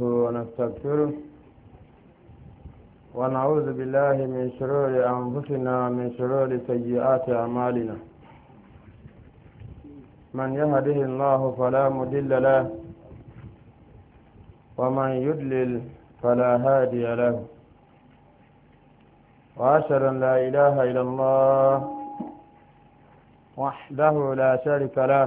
ونستغفره ونعوذ بالله من شرور أنفسنا ومن شرور سيئات أعمالنا من يهده الله فلا مضل له ومن يضلل فلا هادي له وأشهد أن لا إله إلا الله وحده لا شريك له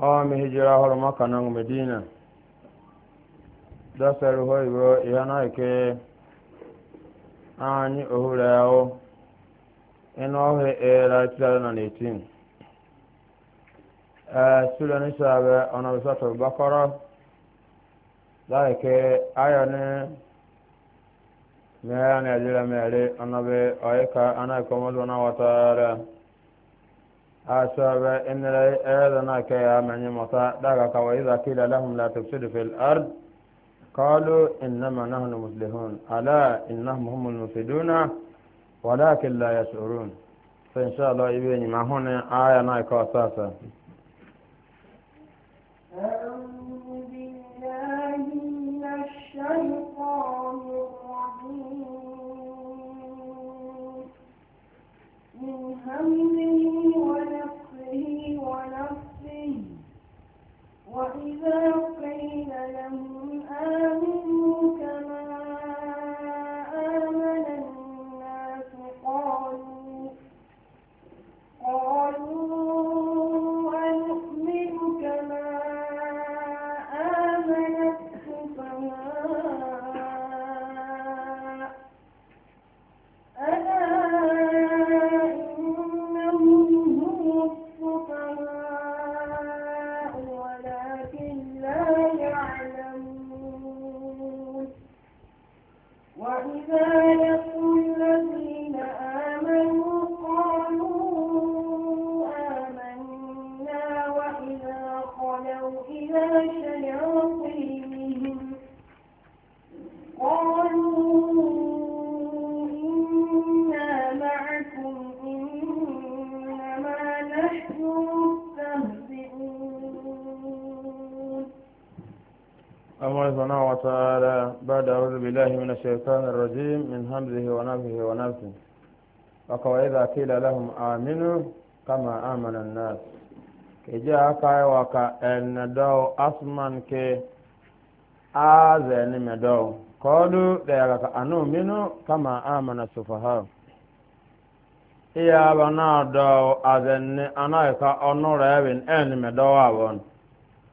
o mi hijira horo maka na medina dasar ho ihe ihana ike anyị ohure ahụ ịnụ ọhụ era tụtara na n'etin ee sura ni sabe ọna bisa to bakọrọ laike ayọ ni mere na ejira mere ọna bi ọyịka anaghị kọmọdụ na wata أسباب إن أذنا كيا من مطاع دعك وإذا قيل لهم لا تفسد في الأرض قالوا إنما نحن مسلمون ألا إنهم هم المفسدون ولكن لا يشعرون فإن شاء الله يبين ما هنا آية نايكا أساسا الشيطان الرجيم من همه ولا وإذا قيل لهم آمنوا الله سبحانه وتعالى بعد أعوذ بالله من الشيطان الرجيم من همزه ونفه ونفسه وقوإذا قيل لهم آمنوا كما آمن الناس كجاء كاي وكا أن دو أصمن كي آذن مدو قالوا لك أنو منو كما آمن السفهاء إيا بنا دو أذن أنا يكا أنو رابن أن مدو أبون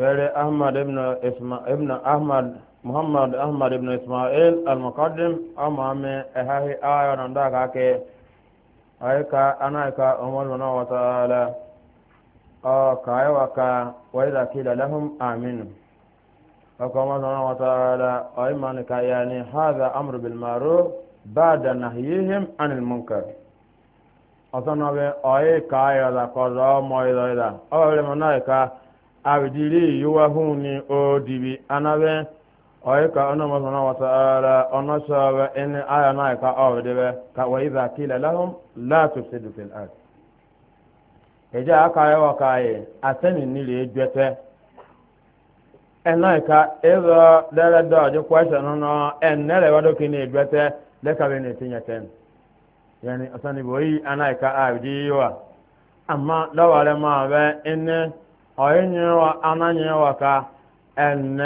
غير أحمد ابن إسما ابن أحمد محمد أحمد ابن إسماعيل المقدم أما من إهاهي آية ننداك أكي أيكا أنا أيكا أمول منا وتعالى أو كايوكا وإذا كيل لهم آمين وكما سبحانه وتعالى أيمانك يعني هذا أمر بالمعروف بعد نهيهم عن المنكر أصنع بأي كايوكا قضاء مويدا أو لمنايكا abidiri yiwa huni o dibi anabe ka ono masana wa ta'ala ono sawa ene aya na ka awdebe ka wa idha qila lahum la tufsidu fil ard eja aka yawa kai asani ni le jete enaika ezo dere doje question no enere wadoki ni jete leka be ni tinyeten yani asani boyi anaika abidi yiwa amma lawale ma be inne ọ̀yẹ́ nyere wa ana nyere wa ka ẹnẹ